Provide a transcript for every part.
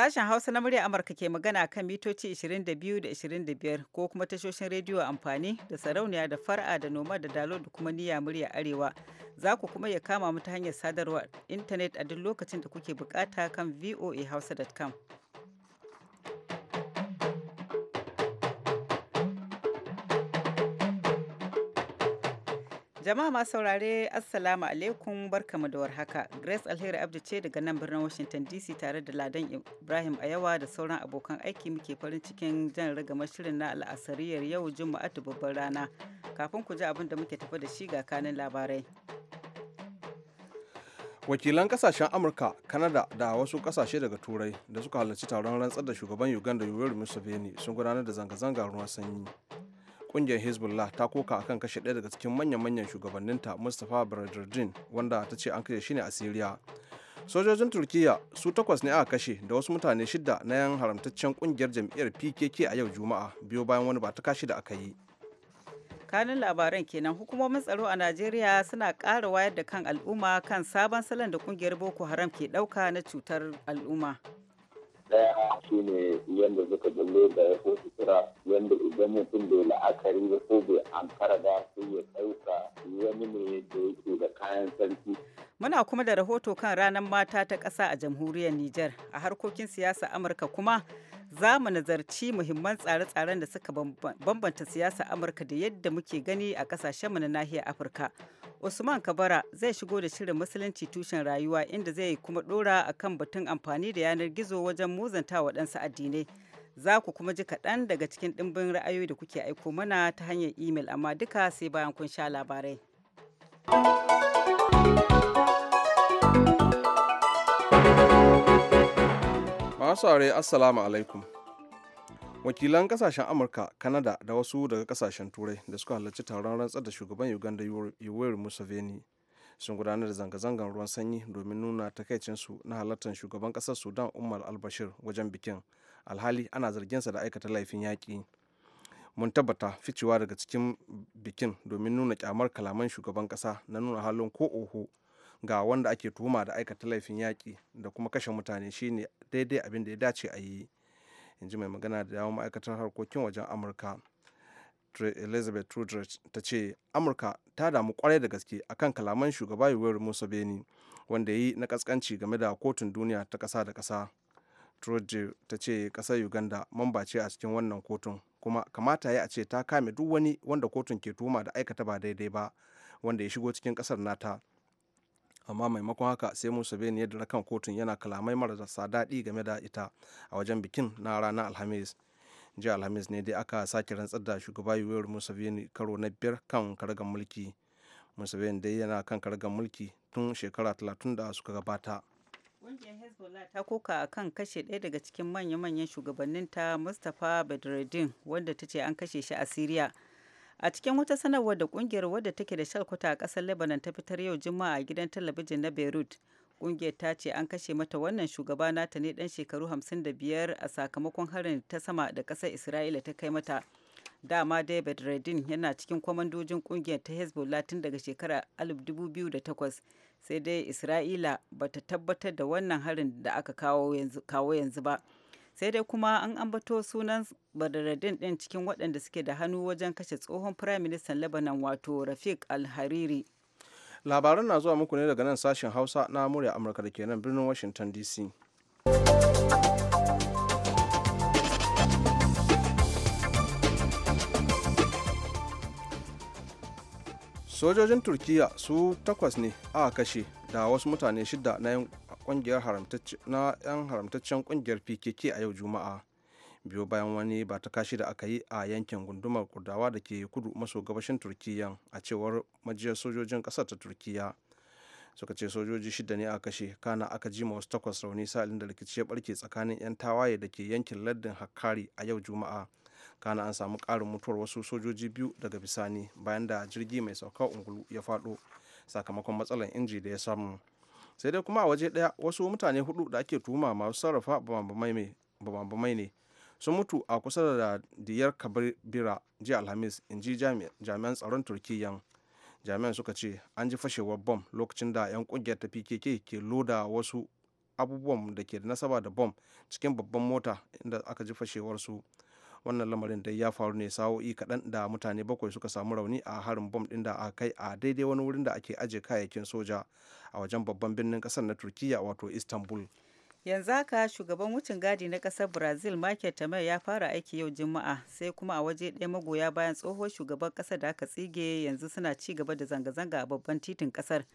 Sashen Hausa na murya Amurka ke magana kan mitoci 22 da 25 ko kuma tashoshin rediyo amfani da sarauniya da far'a da noma da dalo da kuma niyya murya arewa. Za ku kuma ya kama mu ta hanyar sadarwa intanet a duk lokacin da kuke bukata kan voahausa.com. Jama'a masu saurare Assalamu alaikum barkamu da warhaka. Grace Alheri Abdu ce daga nan birnin Washington DC tare da Ladan Ibrahim yawa da sauran abokan aiki muke farin cikin jan rigamar shirin na al'asariyar yau Juma'a ta babbar rana. Kafin ku ji abin da muke tafi da shi ga kanin labarai. Wakilan kasashen Amurka, Kanada da wasu kasashe daga Turai da suka halarci taron rantsar da shugaban Uganda Yoweri Museveni sun gudanar da zanga-zangar ruwan sanyi. kungiyar hezbollah ta koka akan kashe ɗaya daga cikin manyan-manyan shugabanninta mustapha baradardin wanda ta ce an kashe shi ne a syria sojojin turkiya su takwas ne aka kashe da wasu mutane shidda na yan haramtaccen kungiyar jam'iyyar pkk a yau juma'a biyo bayan wani ba ta kashi da aka yi kanun labaran kenan hukumomin tsaro a najeriya suna kara wayar da kan al'umma kan sabon salon da kungiyar boko haram ke ɗauka na cutar al'umma ɗaya shi ne yadda suka jalle da ya ko sutura yadda idan mutum bai la'akari ba ko bai ankara da su ya ɗauka wani ne da yake da kayan sarki. Muna kuma da rahoto kan ranar mata ta ƙasa a jamhuriyar Nijar a harkokin siyasa Amurka kuma za mu nazarci muhimman tsare-tsaren da suka bambanta siyasa amurka da yadda muke gani a kasashenmu na nahiyar afirka usman kabara zai shigo da shirin musulunci tushen rayuwa inda zai kuma dora a kan batun amfani da yanar gizo wajen muzanta waɗansu addinai za ku kuma ji kaɗan daga cikin ɗimbin ra'ayoyi da kuke aiko mana ta hanyar imel amma duka sai bayan kun sha labarai. masu aure assalamu alaikum wakilan kasashen amurka kanada da wasu daga kasashen turai da suka halarci taron rantsar da shugaban uganda yoweri museveni sun gudanar da zanga-zangar ruwan sanyi domin nuna takaicinsu na halartar shugaban kasar sudan umar albashir wajen bikin alhali ana zarginsa da aikata laifin yaƙi mun tabbata ficewa daga cikin bikin domin nuna kyamar kalaman shugaban kasa na nuna halin ko oho ga wanda ake tuhuma da aikata laifin yaƙi da kuma kashe mutane shine daidai abin da ya dace a yi in ji mai magana da yawon ma'aikatar harkokin wajen amurka elizabeth trudridge ta ce amurka ta damu kwarai da gaske akan kalaman shugaba yuwar musa beni wanda yi na kaskanci game da kotun duniya ta kasa da kasa trudrich ta ce kasar uganda mamba ce a cikin wannan kotun kuma kamata ya a ce ta kame duk wani wanda kotun ke tuhuma da aikata ba daidai ba wanda ya shigo cikin kasar nata amma maimakon haka sai musa beni ya dira kan kotun yana kalamai marasa daɗi game da ita a wajen bikin na ranar alhamis jiya alhamis ne dai aka sake rantsar da shugaba yuwar musa beni karo na biyar kan karagar mulki musa beni dai yana kan karagar mulki tun shekara talatin da suka gabata Ƙungiyar Hezbollah ta koka a kan kashe ɗaya daga cikin manya-manyan shugabanninta Mustapha bedreddin wanda ta ce an kashe shi a Siriya. a cikin wata sanarwar da kungiyar wadda take da shalkuta a kasar lebanon ta fitar yau juma'a a gidan talabijin na beirut kungiyar ta ce an kashe mata wannan shugaba nata ne dan shekaru 55 a sakamakon harin ta sama da kasar isra'ila ta kai mata dama david redin yana cikin kwamandojin kungiyar ta hezbollah tun daga shekarar 2008 sai dai isra'ila bata tabbatar da wannan harin da aka kawo yanzu ba sai dai kuma an ambato sunan badaradin din cikin waɗanda suke da hannu wajen kashe tsohon firaministan lebanon wato rafiq alhariri labaran na zuwa muku ne daga nan sashen hausa na murya amurka da ke nan birnin washington dc sojojin turkiya su takwas ne a kashe da wasu mutane shida na kungiyar na 'yan haramtaccen kungiyar pkk a yau juma'a biyo bayan wani ba ta kashi da aka yi a yankin gundumar kurdawa da ke kudu maso gabashin turkiyya a cewar majiyar sojojin kasar ta turkiyya suka ce sojoji shida ne a kashe kana aka ji ma wasu takwas rauni sa'ilin da rikici ya barke tsakanin 'yan tawaye da ke yankin lardin hakkari a yau juma'a kana an samu karin mutuwar wasu sojoji biyu daga bisani bayan da jirgi mai saukar ungulu ya faɗo sakamakon matsalar inji da ya samu sai dai kuma a waje ɗaya wasu mutane hudu da ake tuhuma masu sarrafa bambamai ne sun mutu a kusa da diyar kabira jiya alhamis in ji jami'an tsaron turkiyyan jami'an suka ce an ji fashewar bom lokacin da 'yan kungiyar ta pkk ke loda wasu abubuwan da ke da nasaba da bom cikin babban mota inda aka ji fashewar su wannan lamarin dai ya faru ne sa'o'i kaɗan da mutane bakwai suka samu rauni a harin bom ɗin da aka kai a daidai wani wurin da ake aje kayayyakin soja a wajen babban birnin ƙasar na turkiya wato istanbul yanzu haka shugaban wucin gadi na kasar brazil michael tamar ya fara aiki yau juma'a sai kuma a waje ɗaya magoya bayan tsohon shugaban kasar da aka tsige yanzu suna ci gaba da zanga-zanga a babban titin kasar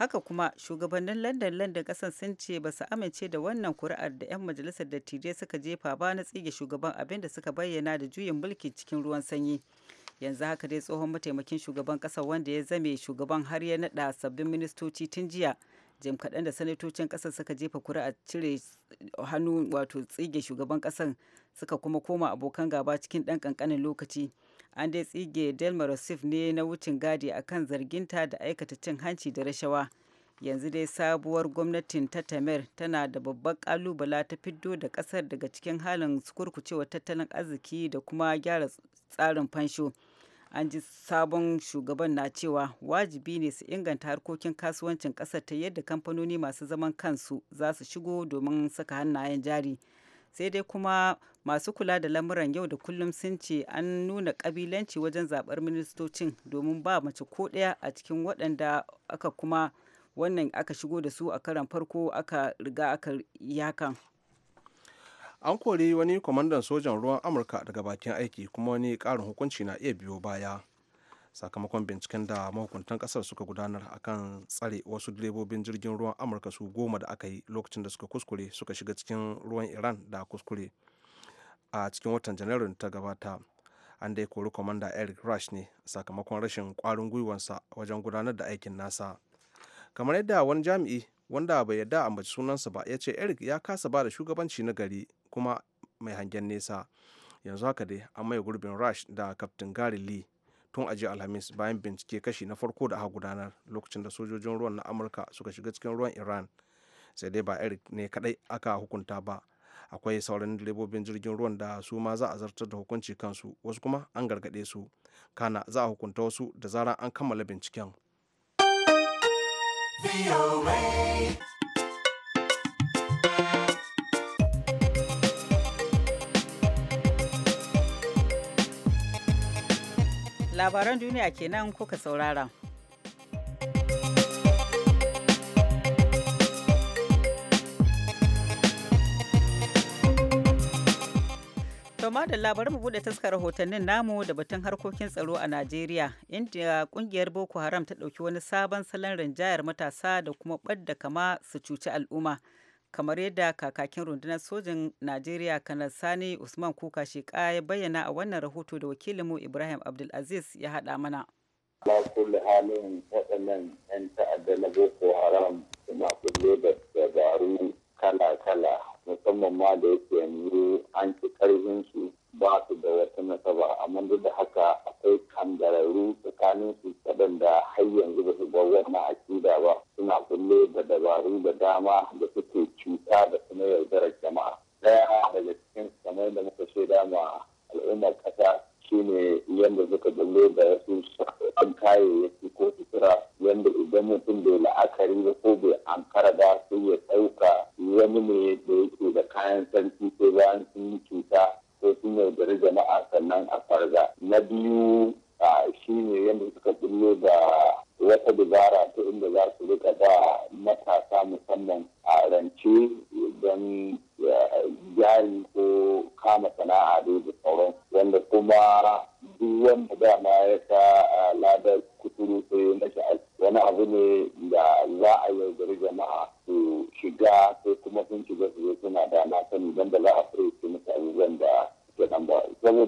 haka kuma shugabannin london london kasan sun ce ba su amince da wannan kuri'ar da 'yan majalisar dattijai suka jefa ba na tsige shugaban abin da suka bayyana da juyin mulki cikin ruwan sanyi yanzu haka dai tsohon mataimakin shugaban kasar wanda ya zame shugaban har ya naɗa sabbin ministoci tun jiya jim kaɗan da sanatocin ƙasar suka jefa kuri'ar cire hannu wato tsige shugaban ƙasar suka kuma koma abokan gaba cikin ɗan ƙanƙanin lokaci an dai tsige delma rousseff ne na wucin gadi a kan zarginta da aikata cin hanci da rashawa yanzu dai sabuwar gwamnatin ta tamer tana da babban kalubala ta fiddo da kasar daga cikin halin kurkucewa tattalin arziki da kuma gyara tsarin fansho an ji sabon shugaban na cewa wajibi ne su inganta harkokin kasuwancin kasar ta yadda kamfanoni masu zaman kansu za su shigo domin saka hannayen jari sai dai kuma masu kula da lamuran yau da kullum sun ce an nuna kabilanci wajen zabar ministocin domin ba mace ko ɗaya a cikin waɗanda aka kuma wannan aka shigo da su a karan farko aka riga aka yakan. an kori wani kwamandan sojan ruwan amurka daga bakin aiki kuma wani karin hukunci na iya biyo baya sakamakon binciken da mahukuntan kasar suka gudanar akan tsare wasu direbobin jirgin ruwan amurka su goma da aka yi lokacin da suka kuskure suka shiga cikin ruwan iran da kuskure a cikin watan janairun ta gabata an dai kori kwamanda eric rush ne sakamakon rashin kwarin gwiwansa wajen gudanar da aikin nasa kamar yadda wani jami'i wanda bai yarda a mace sunansa ba ya ce eric ya kasa ba da shugabanci na gari kuma mai hangen nesa yanzu haka dai an maye gurbin rush da kaftin gary lee tun a jiya alhamis bayan bincike kashi na farko da aka gudanar lokacin da sojojin ruwan na amurka suka shiga cikin ruwan iran sai dai ba eric ne kadai aka hukunta ba akwai sauran direbobin jirgin ruwan da su ma za a zartar da hukunci kansu wasu kuma an gargade su kana za a hukunta wasu da zarar an kammala binciken VOA. labaran duniya kenan kuka saurara. Toma da labarin mu bude taskar rahotannin namu da batun harkokin tsaro a Najeriya, inda kungiyar Boko Haram ta ɗauki wani sabon salon rinjayar matasa da kuma ɓadda kama su cuci al'umma. kamar yadda kakakin rundunar sojin najeriya kanar sani usman kuka sheka ya bayyana a wannan rahoto da wakilinmu ibrahim abdulaziz ya haɗa mana ala kulli halin waɗannan 'yan ta'adda na boko haram suna kulle da dabaru kala-kala musamman ma da yake yanzu an ci su ba su da wata nasaba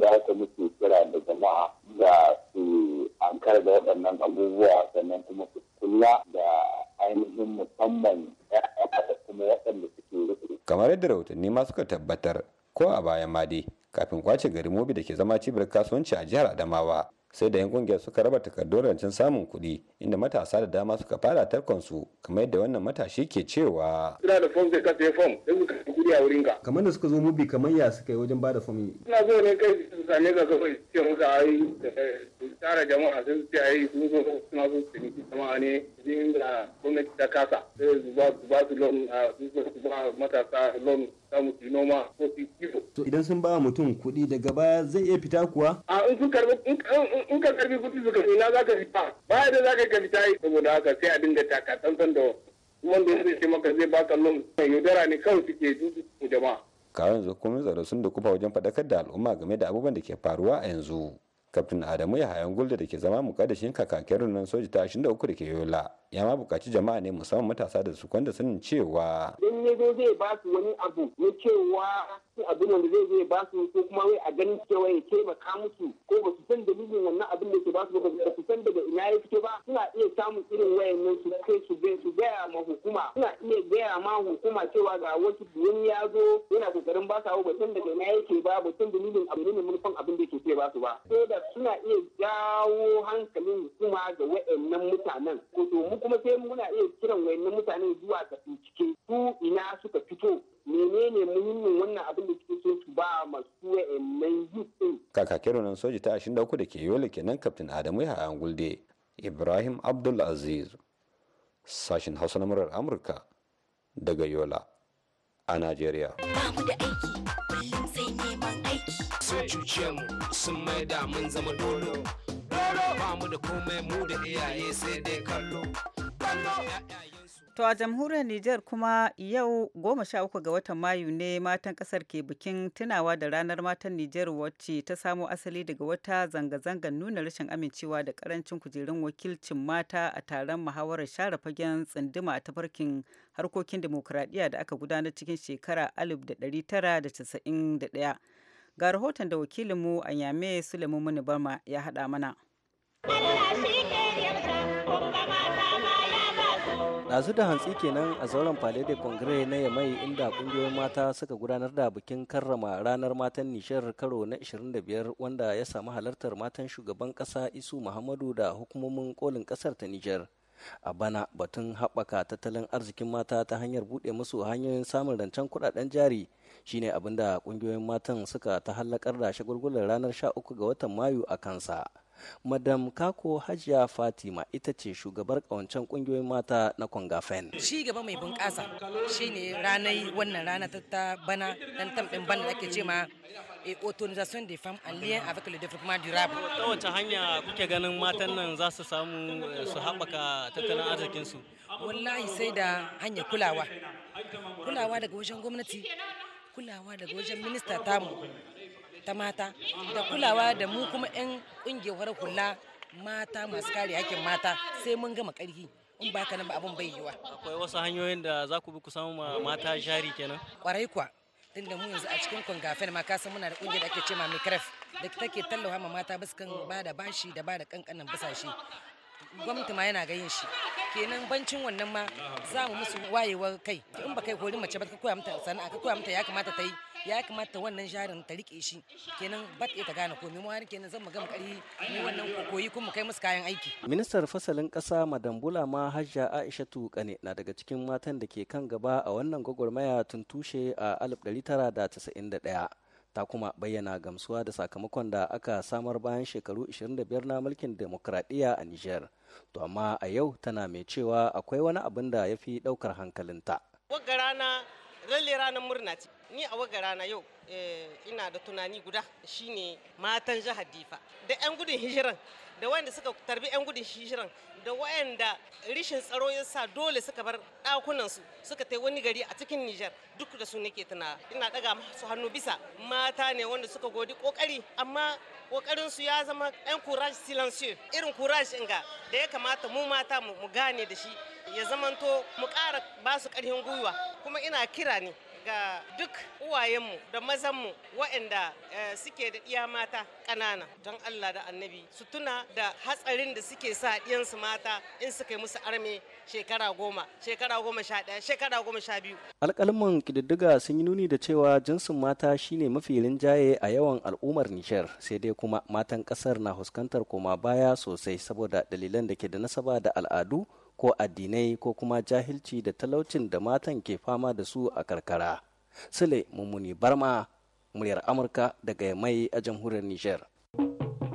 saboda haka muke kira da jama'a da su ankar da waɗannan abubuwa sannan kuma su kula da ainihin musamman da kuma waɗanda suke rufe. kamar yadda rahotanni ma suka tabbatar ko a bayan ma dai kafin kwace gari mobi da ke zama cibiyar kasuwanci a jihar adamawa sai da yan kungiyar suka raba takardun rancen samun kuɗi inda matasa da dama suka fara tarkon su kamar yadda wannan matashi ke cewa ina da fom zai kasa ya fom sai ku karɓi kuɗi a wurin ka kamar da suka zo mubi kamar ya suka yi wajen bada fom ina zo ne kai ne ga gaba cikin muka ayi tara jama'a sun ce ayi sun zo suna zo su niki jama'a ne jin da gwamnati ta kasa sai ba su ba su lon a su ba matasa lon samu su noma ko su kiwo. to idan sun ba mutum kuɗi daga baya zai iya fita kuwa. a in sun karbi in ka karbi kuɗi suka fi na za ka fita baya da za ka fita yi saboda haka sai a dinga taka tantan da wanda zai ce maka zai baka lon yaudara ne kawai suke dudu jama'a. kawai yanzu hukumomin tsaro sun dukufa wajen faɗakar da al'umma game da abubuwan da ke faruwa a yanzu kaftin adamu ya hayan gulda da ke zama mu mukaddashin kakakin rundunar soja ta 23 da ke yola ya ma bukaci jama'a ne musamman matasa da su kwanda sanin cewa in ne zo zai ba su wani abu na cewa abin da zai zai ba su ko kuma wai a ganin cewa ya taimaka musu ko ba su san dalilin wannan abin da ke ba su ba su san daga ina ya fito ba suna iya samun irin wayannan su kai su bai su gaya ma hukuma suna iya gaya ma hukuma cewa ga wasu wani ya zo yana kokarin ba su ba san daga ina yake ba ba san dalilin abin ne manufan abin da ke ba su ba sai da suna iya jawo hankalin hukuma ga wayannan mutanen ko to kuma sai muna iya kiran wayannan mutane zuwa ga bincike su ina suka fito menene muhimmin wannan abin da suke so su ba masu wayannan yi? Kaka, kakakin soji ta ashirin da da ke yola kenan kaftin Adamu ya Yahaya Gulde Ibrahim Abdul Aziz sashin Hausa na murar Amurka daga Yola a Najeriya. Ba da Sun maida mun zama dole. bamu da komai mu da iyaye sai dai kallo To a jamhuriyar Nijar kuma yau goma sha uku ga watan Mayu ne matan kasar ke bikin tunawa da ranar matan Nijar wacce ta samo asali daga wata zanga-zangar nuna rashin amincewa da karancin kujerun wakilcin mata a taron muhawarar share fagen tsinduma a tafarkin harkokin demokuraɗiyya da aka gudanar cikin shekara 1991. Ga rahoton da wakilinmu a Yame Sulemu Muni ya haɗa mana. ɗazu da hantsi kenan a zauren palais de congrès na yamai inda ƙungiyoyin mata suka gudanar da bikin karrama ranar matan nishar karo na 25 wanda ya samu halartar matan shugaban ƙasa isu muhammadu da hukumomin kolin ƙasar ta nijar a bana batun haɓaka tattalin arzikin mata ta hanyar buɗe musu hanyoyin samun rancen kuɗaɗen jari shine abinda ƙungiyoyin matan suka ta hallakar da shagulgular ranar 13 ga watan mayu a kansa madam kako hajiya fatima ita ce shugabar kawancen kungiyoyin mata na kwangafen shi gaba mai bunƙasa shine ranar wannan rana ta bana dan tambin bana ake ce ma et eh, autonomisation de femmes en lien avec le développement durable. Ta wace hanya kuke ganin matan nan za su samu eh, su haɓaka tattalin arzikinsu? Wallahi sai da hanyar kulawa. Kulawa daga wajen gwamnati, kulawa daga wajen minista tamu, ta mata da kulawa da mu kuma 'yan ƙungiyar hula mata masu kare hakkin mata sai mun gama karfi in ba ka nan ba abin bai yiwa. Akwai wasu hanyoyin da za ku bi ku samu mata jari kenan? Kwarai kuwa. tun da mu yanzu a cikin kwangafen ma ka san muna da kungiyar da ake ce ma mikref da take tallafa ma mata baskan ba da bashi da ba da kankanan basashe gwamnati ma yana gayin shi kenan bancin wannan ma za mu musu wayewar kai in ba kai kori mace ba ka koya mata sana'a ka koya mata ya kamata ta yi ya kamata wannan jarin ta rike shi kenan ba ta ta gane komai mu kenan zan magana kari ne wannan kokoyi kuma kai musu kayan aiki ministar fasalin kasa madam bulama hajja aisha kane na daga cikin matan da ke kan gaba a wannan gwagwarmaya tun tushe a 1991 ta kuma bayyana gamsuwa da sakamakon da aka samar bayan shekaru 25 na mulkin demokradiyya a niger To amma a yau tana mai cewa akwai wani abin da ya fi ɗaukar hankalinta. Wagga rana, lalle ranar murna ce. ni a wagara na yau eh, ina da tunani guda shine matan jihar difa da 'yan gudun hijiran da wanda suka tarbi 'yan gudun hijiran da wayanda rishin tsaro ya sa dole suka bar ɗakunansu suka tai wani gari a cikin nijar duk da su nake tuna ina daga su hannu bisa mata ne wanda suka godi kokari amma kokarin su ya zama 'yan courage silencieux irin courage inga da ya kamata mu mata mu gane da shi ya zamanto mu ƙara ba su ƙarfin gwiwa kuma ina kira ne ga duk uwayenmu da mazanmu waɗanda eh, suke da iya mata ƙanana don Allah da annabi su tuna da hatsarin da suke sa ɗiyansu mata in suka yi musu arme shekara goma shekara goma sha ɗaya shekara goma sha biyu. alƙalman ƙididdiga sun yi nuni da cewa jinsin mata shine mafi rinjaye a yawan al'ummar nishar sai dai kuma matan ƙasar na fuskantar koma baya sosai saboda dalilan da ke da nasaba da al'adu ko addinai ko kuma jahilci da talaucin da matan ke fama da su a karkara. Sule Mummuni Barma, muryar Amurka daga mai a jamhuriyar Nijar.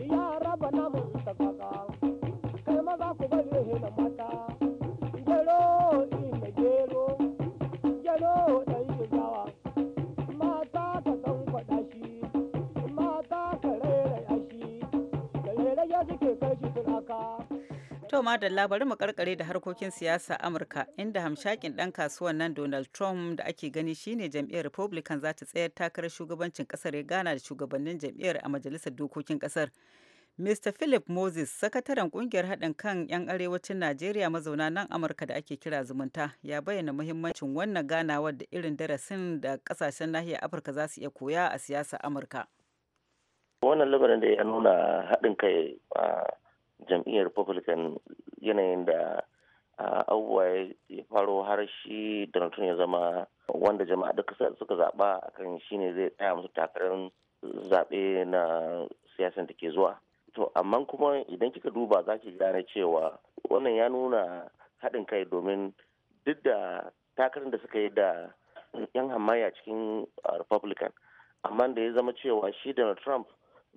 Yara bana mun kai maza ku bari mata. madalla da mu makarkare da harkokin siyasa Amurka inda hamshakin dan kasuwan nan Donald Trump da ake gani shine jam'iyyar Republican za ta tsayar takarar shugabancin kasar ya gana da shugabannin jam'iyyar a majalisar dokokin kasar. Mr. Philip Moses, sakataren kungiyar haɗin kan 'yan arewacin Najeriya mazauna nan Amurka da ake kira zumunta, ya bayyana muhimmancin wannan ganawar da irin darasin da ƙasashen nahiyar Afirka za su iya koya a siyasa Amurka. Wannan labarin da ya nuna haɗin kai ah, jam'iyyar republican yanayin da abubuwa ya faro har shi donald trump ya zama wanda jama'a duka suka zaɓa akan shi ne zai tsaya musu takarar zaɓe na siyasan da ke zuwa to amma kuma idan kika duba za ki gane cewa wannan ya nuna haɗin kai domin duk da takarar da suka yi da yan hamayya cikin republican amma da ya zama cewa shi donald trump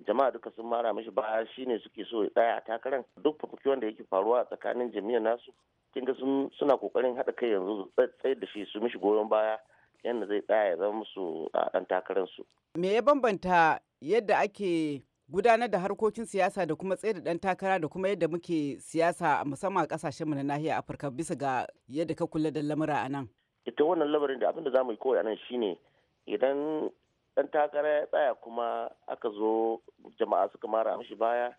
jama'a duka sun mara mishi ba ne suke so ya tsaya a takarar duk fafukiwan da yake faruwa a tsakanin jami'ar nasu kin ga suna kokarin haɗa kai yanzu tsayar da shi su mishi goyon baya yadda zai tsaya ya zama musu a ɗan takarar su. Me ya bambanta yadda ake gudanar da harkokin siyasa da kuma tsaye da dan takara da kuma yadda muke siyasa musamman a mu na nahiyar Afirka bisa ga yadda ka kula da lamura a nan. Ita wannan lamarin da abinda da za mu yi kawai nan shine idan dan takara ya tsaya kuma aka zo jama'a suka mara mishi baya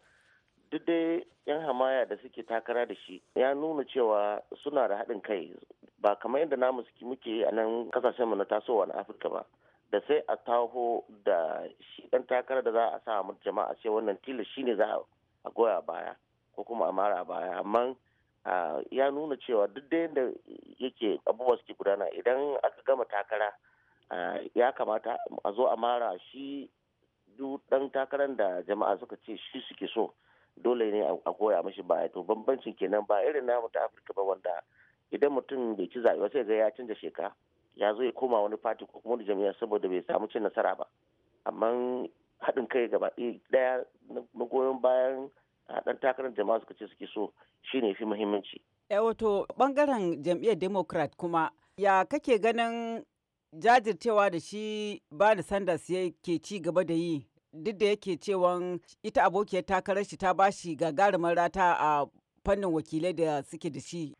duk dai yan hamaya da suke takara da shi ya nuna cewa suna da haɗin kai ba kamar yadda namu suke muke a nan kasashen mu na tasowa na afirka ba da sai a taho da shi dan takara da za a sa mu jama'a ce wannan tilas shine za a goya baya ko kuma a mara baya amma ya nuna cewa duk da yadda yake abubuwa suke gudana idan aka gama takara Eh, ya kamata a zo a mara shi duk ɗan takarar da jama'a suka ce shi suke so dole ne a koya mashi ba to bambancin kenan ba irin namu ta afirka ba wanda idan mutum bai ci zaɓe sai ga ya canza sheka ya zo ya koma wani fati ko kuma wani jami'a saboda bai samu cin nasara ba amma haɗin kai gaba ɗaya na goyon bayan haɗin takarar jama'a suka ce suke so shi ne fi muhimmanci. Eh, wato bangaren jam'iyyar democrat kuma ya kake ganin jajircewa da shi bani sanders ke ci gaba da yi duk da yake cewa ita abokiyar takarar shi ta ba bashi gagarumar rata a fannin wakilai da suke da shi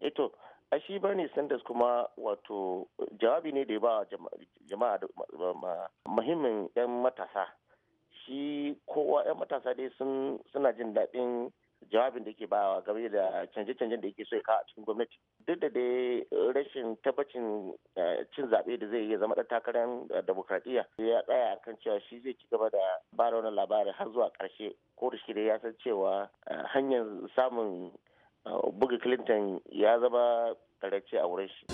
eto eh a shi ne sanders kuma wato jawabi ne da ya ba jama'a da muhimmin 'yan matasa shi kowa 'yan matasa dai suna jin daɗin jawabin da yake bawa game da canje-canjen da yake so ya kawo a cikin gwamnati duk da dai rashin tabbacin eh, cin zaɓe da zai iya zama ɗan takarar eh, demokradiyya ya tsaya kan cewa shi zai ci gaba da ba da wannan labarin har zuwa ƙarshe ko da shi da ya san cewa eh, hanyar samun buga clinton ya zama ƙararce a wurin shi.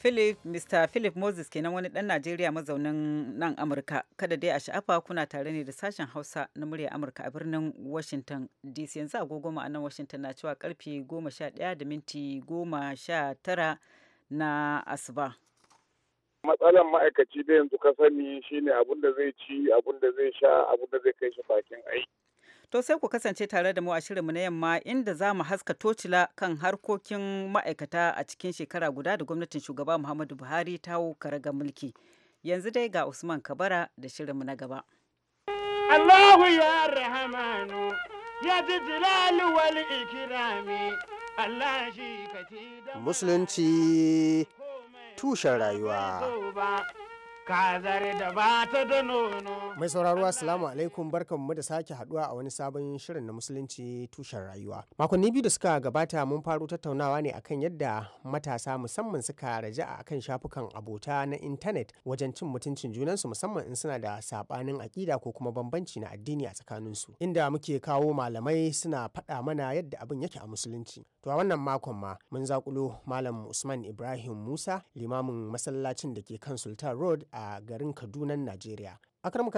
Philip, Mr. Philip Moses kenan wani ɗan Najeriya mazaunin nan Amurka. Kada dai a sha'afa kuna tare ne da sashen Hausa na murya Amurka a birnin Washington DC. Yanzu agogo nan Washington na cewa karfe 11 da minti 19 na asuba. Matsalan ma'aikaci da yanzu ka sani shine abun da zai ci, abun da zai sha, abun da zai kai shi bakin aiki. To sai ku kasance tare da mu a shirinmu na yamma inda za mu haska tocila kan harkokin ma'aikata a cikin shekara guda da gwamnatin shugaba Muhammadu Buhari ta karaga mulki. Yanzu dai ga Usman Kabara da shirinmu na gaba. Allahu ya rahamanu ya ji jilalu wal ikirami Allah shi ka Musulunci tushen rayuwa. kazar da ba da nono. Mai sauraro Assalamu alaikum barkanmu da sake haduwa a wani sabon shirin na musulunci tushen rayuwa. Makonni biyu da suka gabata mun faru tattaunawa ne akan yadda matasa musamman suka raja a kan shafukan abota na intanet wajen cin mutuncin junansu musamman in suna da sabanin aƙida ko kuma bambanci na addini a tsakaninsu. Inda muke kawo malamai suna faɗa mana yadda abin yake a musulunci. To a wannan makon ma mun zakulo Malam Usman Ibrahim Musa limamin masallacin da ke kan Sultan Road a garin Kadunan Najeriya.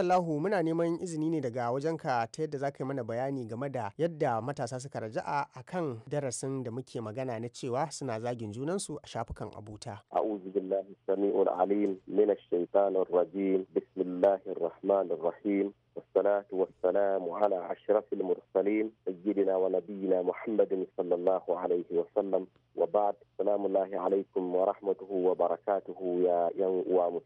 Lahu muna neman izini ne daga wajenka ta yadda za ka yi mana bayani game da yadda matasa suka raja'a a kan darasin da muke magana na cewa suna zagin junansu a shafukan abuta. A'udhu billahi sami'ul alim min ash-shaytanir rajim. Bismillahir rahmanir rahim. والصلاة والسلام على أشرف المرسلين سيدنا ونبينا محمد صلى الله عليه وسلم وبعد سلام الله عليكم ورحمته وبركاته يا yan uwa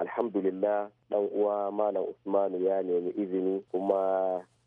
الحمد لله لو uwa لو usmanu ya إذني وما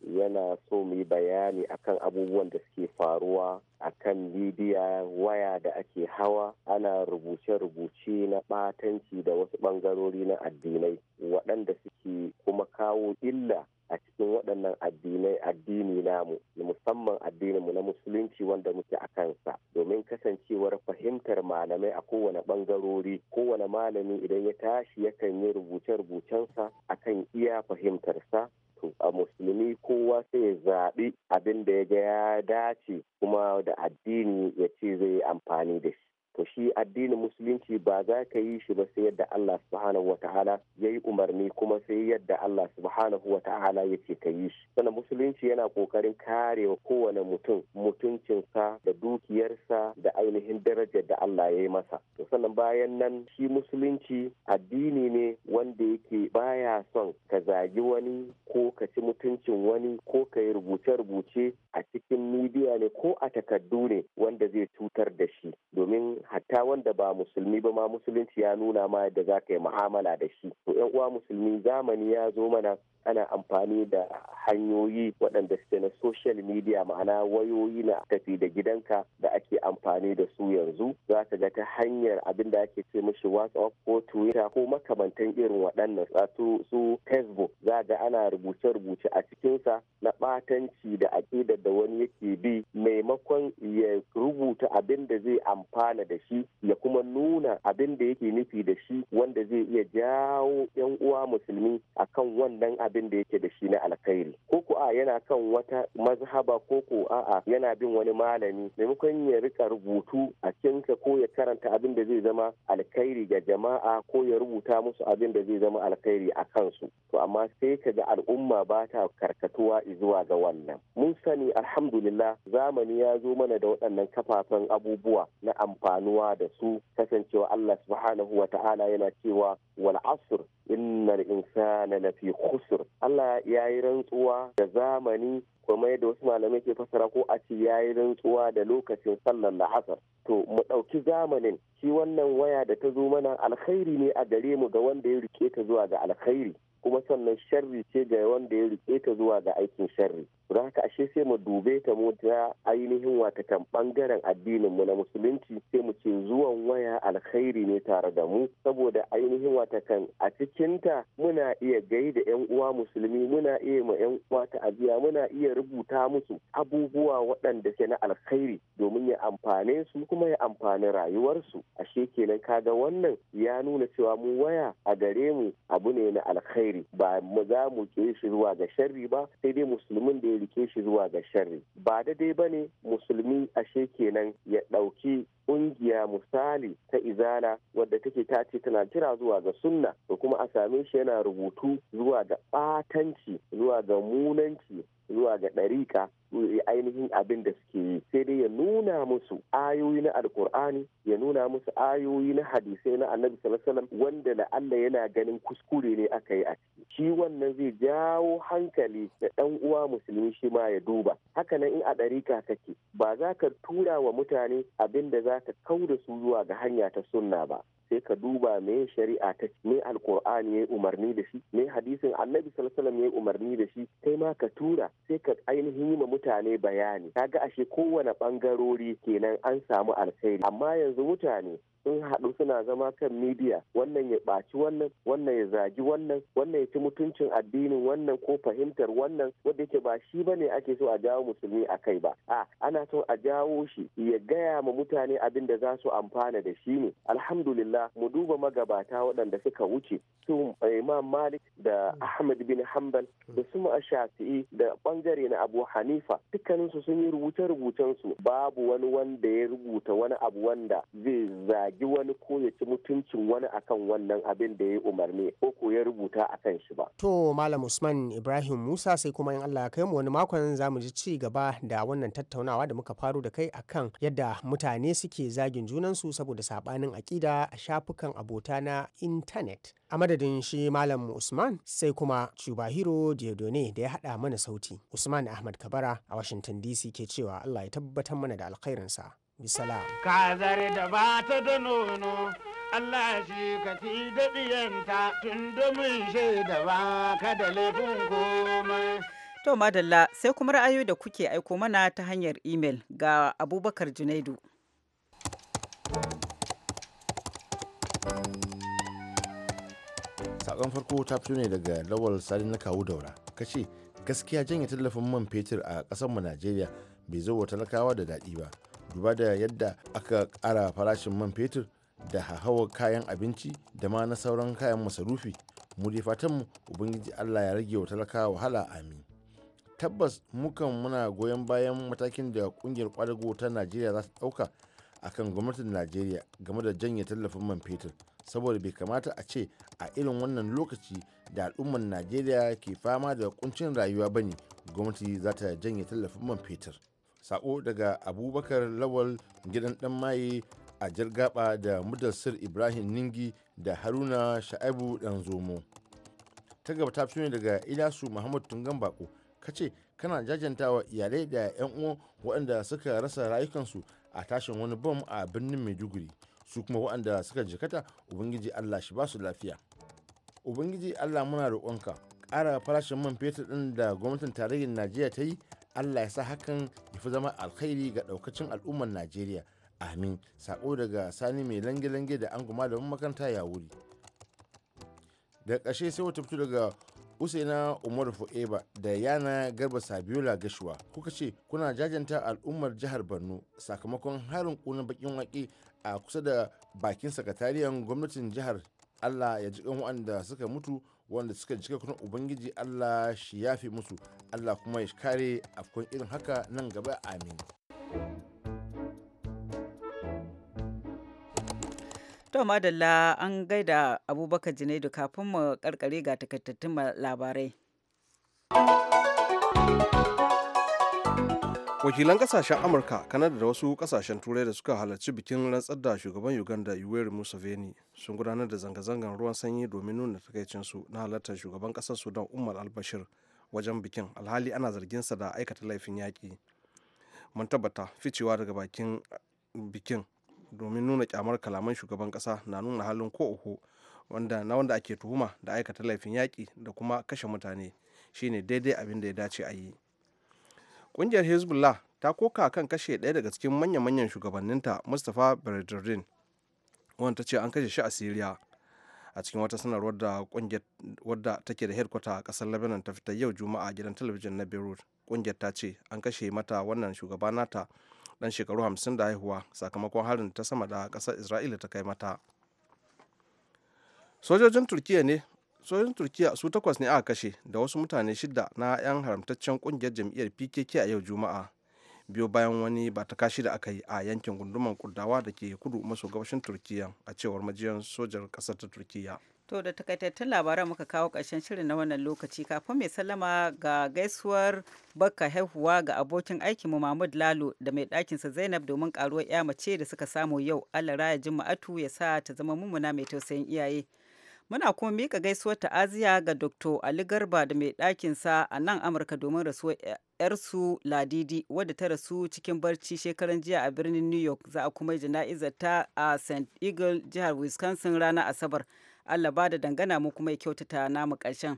yana so mu yi bayani akan abubuwan da suke faruwa akan midiya waya da ake hawa ana rubuce-rubuce na batanci da wasu bangarori na addinai waɗanda suke kuma kawo illa a cikin waɗannan addinai addini namu musamman mu na musulunci wanda muke a kansa domin kasancewar fahimtar malamai a kowane ɓangarori kowane malami idan ya tashi yakan yi rubuce-rubucensa akan iya fahimtarsa to a musulmi kowa sai ya zaɓi abin da ya ga ya dace kuma da addini ya ce zai amfani da shi to shi addinin musulunci ba za ka yi shi ba sai yadda Allah subhanahu wa ta'ala ya yi umarni kuma sai yadda Allah subhanahu wa ta'ala ya ce ka yi shi sannan musulunci yana kokarin kare wa kowane mutum mutuncinsa da dukiyarsa da ainihin darajar da Allah ya yi masa to sannan bayan nan shi musulunci addini ne wanda yake baya son ka zagi wani ko ka ci mutuncin wani ko ka yi rubuce-rubuce a cikin midiya ne ko a takardu ne wanda zai cutar da shi domin hatta wanda ba musulmi ba ma musulunci ya nuna ma yadda za ka yi mu'amala da shi to yan uwa musulmi zamani ya zo mana ana amfani da hanyoyi waɗanda suke na social media ma'ana wayoyi na tafi da gidanka da ake amfani da su yanzu za ka ga ta hanyar abin da ake ce mishi whatsapp ko twitter ko makamantan irin waɗannan su su facebook za ga ana rubuce-rubuce a cikinsa na ɓatanci da aƙidar da wani yake bi maimakon ya rubuta abin da zai amfana da shi ya kuma nuna abin da yake nufi da shi wanda zai iya jawo 'yan uwa musulmi akan wannan abin da yake da shi na alkhairi ko a yana kan wata mazhaba ko a'a yana bin wani malami maimakon ya rika rubutu a cikinsa ko ya karanta abin da zai zama alkhairi ga jama'a ko ya rubuta musu abin da zai zama alkhairi a kansu to amma sai ka ga al'umma ba ta karkatuwa zuwa ga wannan mun sani alhamdulillah zamani ya zo mana da waɗannan kafafen abubuwa na amfanuwa da su kasancewa Allah subhanahu wa ta'ala yana cewa wal asr innal insana lafi khusr Allah ya yi rantsuwa da zamani kamar da wasu malamai ke fasara ko a ce ya yi rantsuwa da lokacin sallar da hasar to mu ɗauki zamanin shi wannan waya da ta zo mana alkhairi ne a gare mu ga wanda ya rike ta zuwa ga alkhairi kuma sannan sharri ce ga wanda ya rike ta zuwa ga aikin sharri za haka ashe sai mu dube ta mu ta ainihin watakan bangaren addinin mu na musulunci sai mu ce zuwan waya alkhairi ne tare da mu saboda ainihin watakan a cikinta muna iya gaida yan uwa musulmi muna iya ma yan uwa ta'aziya muna iya rubuta musu abubuwa waɗanda ke na alkhairi domin ya amfane su kuma ya amfani rayuwarsu ashe kenan kaga wannan ya nuna cewa mu waya a gare mu abu ne na alkhairi ba mu za mu ke shi zuwa ga sharri ba sai dai musulmin da ya rike shi zuwa ga sharri ba daidai ba ne musulmi ashe kenan ya ɗauki ƙungiya misali ta izala wadda take ta ce tana kira zuwa ga sunna da kuma a same shi yana rubutu zuwa ga ɓatanci zuwa ga munanci zuwa ga ɗarika ainihin abin da suke yi sai dai ya nuna musu ayoyi na alkur'ani ya nuna musu ayoyi na hadisai na annabi sallallahu wanda da Allah yana ganin kuskure ne aka yi a ciki shi wannan zai jawo hankali da ɗan uwa musulmi shi ma ya duba haka nan in a ɗarika kake ba za ka tura wa mutane abin da za ka kau da su zuwa ga hanya ta sunna ba sai ka duba me shari'a ta me alkur'ani ya umarni da shi me hadisin annabi sallallahu ya umarni da shi kai ma ka tura sai ka ainihin yi ma mutane bayani kaga ashe kowane bangarori kenan an samu alkhairi amma yanzu mutane sun haɗu suna zama kan midiya wannan ya ɓaci wannan wannan ya zagi wannan wannan ya ci mutuncin addinin wannan ko fahimtar wannan wanda yake ba shi bane ake so a jawo musulmi a kai ba a ana so a jawo shi ya gaya ma mutane abin da za su amfana da shi ne alhamdulillah sunna mu duba magabata waɗanda suka wuce su eh, imam malik da ahmad bin hanbal da su shafi'i da bangare na abu hanifa dukkaninsu sun yi rubuce rubucen su babu wani wanda ya rubuta wani abu wanda zai zagi wani ko ya ci mutuncin wani akan wannan abin da ya umarni ko ko ya rubuta akan shi ba to malam usman ibrahim musa sai kuma in allah ya kai mu wani makon za mu ji ci gaba da wannan tattaunawa da muka faru da kai akan yadda mutane suke zagin junansu saboda sabanin aƙida a shafukan abota na intanet a madadin shi malam usman sai kuma cubahiro diodone da ya haɗa mana sauti usman ahmad kabara a washington dc ke cewa allah ya tabbatar mana da alkhairinsa bisala kazar da ba ta da nono Allah shi ka fi daɗiyanta tun domin shaida ba ka da laifin komai To madalla sai kuma ra'ayoyi da kuke aiko mana ta hanyar imel ga Abubakar Junaidu. sakon farko ta fito ne daga lawal sani na kawo daura ka gaskiya janye tallafin man fetur a ƙasar mu najeriya bai zo wa talakawa da daɗi ba duba da yadda aka ƙara farashin man fetur da hahawar kayan abinci da ma na sauran kayan masarufi mu dai fatanmu ubangiji allah ya rage wa talakawa wahala amin tabbas mukan muna goyon bayan matakin da kungiyar kwadago ta najeriya za ta ɗauka akan gwamnatin najeriya game da janye tallafin man fetur saboda bai kamata a ce a irin wannan lokaci da al'ummar najeriya ke fama da kuncin rayuwa ba ne gwamnati za ta janye tallafin man fetur sako daga abubakar lawal gidan dan maye a jirgaba da mudassir ibrahim ningi da haruna sha'abu dan zomo ta gaba ta fi ne daga ilasu muhammad tungan bako kace kana jajantawa iyalai da 'yan uwan waɗanda suka rasa rayukansu a tashin wani bom a birnin maiduguri su kuma waɗanda suka jikata ubangiji allah shi ba su lafiya ubangiji allah muna roƙonka ƙara farashin man fetur ɗin da gwamnatin tarayyar najeriya ta yi allah ya sa hakan ya fi zama alkhairi ga ɗaukacin al'ummar najeriya amin saƙo daga sani mai lange-lange da an guma da makaranta ya wuri da ƙarshe sai wata fito daga usaina umaru fu'eba da yana garba sabiola gashuwa kuka ce kuna jajanta al'ummar jihar borno sakamakon harin ƙunar bakin waƙe a kusa da bakin sakatariyan gwamnatin jihar allah ya ji waɗanda suka mutu wanda suka jika kuma ubangiji allah shi yafe musu allah kuma ya kare afkon irin haka nan gaba amin To madalla an gaida abubakar Junaidu kafin mu karkare ga takaitattun labarai. wakilan kasashen amurka kanada da wasu kasashen turai da suka halarci bikin rantsar da shugaban uganda yoweri museveni sun gudanar da zanga zangan ruwan sanyi domin nuna takaicinsu na halartar shugaban kasar sudan umar albashir wajen bikin alhali ana zarginsa da aikata laifin yaƙi mun tabbata ficewa daga bakin bikin domin nuna kyamar kalaman shugaban kasa na nuna halin ko uku wanda na wanda ake tuhuma da aikata laifin yaƙi da kuma kashe mutane shine daidai abin da ya dace a yi ƙungiyar hezbollah ta koka kan kashe ɗaya daga cikin manya-manyan shugabanninta mustapha berdardin wanda ta ce an kashe shi a syria a cikin wata sanarwar da ƙungiyar wadda take da headquarter a kasar lebanon ta fita yau juma'a a gidan talabijin na beirut ƙungiyar ta ce an kashe mata wannan shugaba nata dan shekaru 50 da haihuwa sakamakon harin ta sama da kasar isra'ila ta kai mata sojojin turkiya ne sojin turkiya su takwas ne aka kashe da wasu mutane shida na 'yan haramtaccen kungiyar jam'iyyar pkk a yau juma'a biyo bayan wani ba ta kashi da aka yi a yankin gunduman kurdawa da ke kudu maso gabashin turkiya a cewar majiyar sojan kasar ta turkiya to da takaitattun labaran muka kawo karshen shirin na wannan lokaci kafin mai sallama ga gaisuwar bakka haihuwa ga abokin aikinmu mahmud lalo da mai ɗakinsa zainab domin karuwar ya mace da suka samu yau allah raya ma'a'tu ya sa ta zama mummuna mai tausayin iyaye Muna kuma mika gaisuwar ta'aziya ga Dr. Ali Garba da mai sa a nan Amurka domin rasuwar ‘yarsu Ladidi wadda ta rasu cikin barci shekaran jiya a birnin New York za a kuma jana'izar ta a St. Eagle jihar Wisconsin ranar Asabar. Allah ba da dangana mu kuma ya kyautata namu ƙarshen.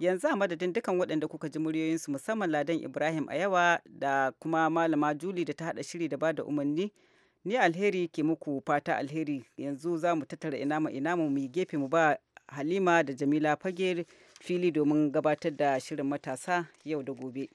yanzu a madadin dukan waɗanda kuka ji muryoyinsu musamman ladan ibrahim a yawa da kuma malama juli da ta haɗa shiri da ba da umarni Ni alheri ke muku fata alheri yanzu za mu tattara inama inama mu gefe mu ba Halima da Jamila fage fili domin gabatar da shirin matasa yau da gobe.